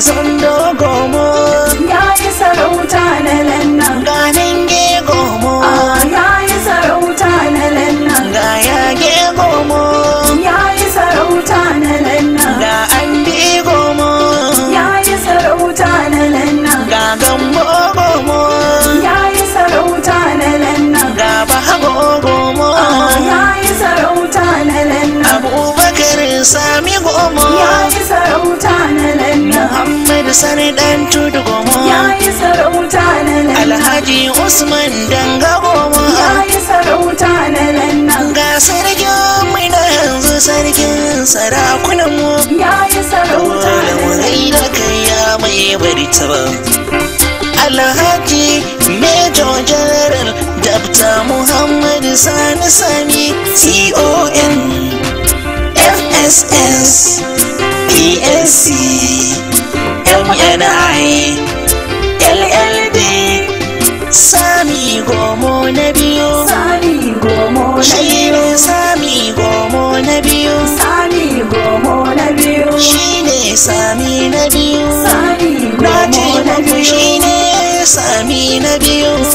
son dogo mo da sani dan tudu goma ya yi sarauta na nan alhaji usman danga goma ya yi sarauta na nan ga sarkin mai na yanzu sarkin sarakunan mu ya yi sarauta na nan da kai ya mai bari ta ba alhaji major general dabta muhammad sani sani con fss psc NI LLD Sami Gomo na biyo. Sami Gomo na biyu Sami Gomo na biyo. Sami Gomo na biyo. Shine Sami na biyo. Sami Gomo na biyu Shine Sami na biyo.